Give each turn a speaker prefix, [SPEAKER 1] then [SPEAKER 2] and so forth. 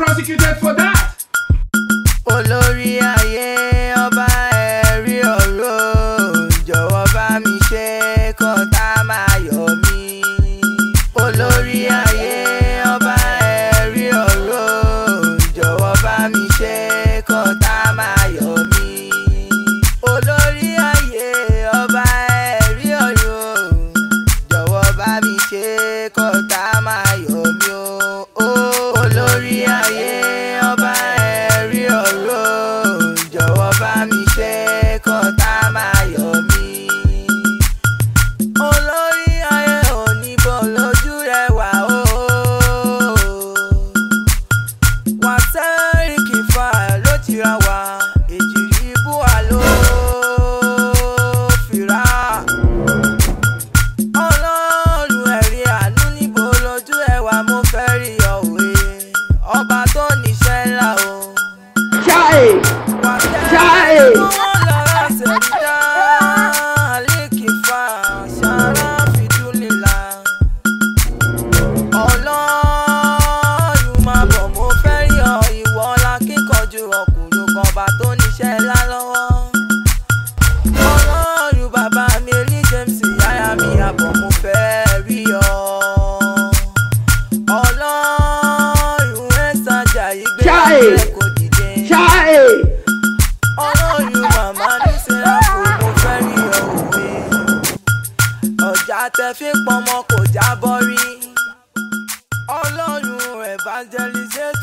[SPEAKER 1] prosecuted for that. Olori ayé ọba ẹ̀rí ọ̀rọ̀ jọ̀wọ́ bá mi ṣe kàn tá a máa yọ̀ mí. olórí ayé ọba ẹ̀rí ọ̀rọ̀ jọ̀wọ́ bá mi ṣe kàn tá máa yọ̀ mí. olórí ayé ọba ẹ̀rí ọ̀rọ̀ jọ̀wọ́ bá mi ṣe kàn iṣẹ́ ńlá lọ́wọ́. ọlọ́run bàbá mi rí james yáyà mi àbọ̀ mo fẹ́ rí ọ. ọlọ́run ẹ̀sán ajá yìí gbé láti ẹ̀kọ́ dìde. ọlọ́run màmá ní sẹ́ráfù mo fẹ́ rí ọ òwe. ọ̀jà tẹ fi pọnmọ kò jábọ́ rí. ọlọ́run evangelist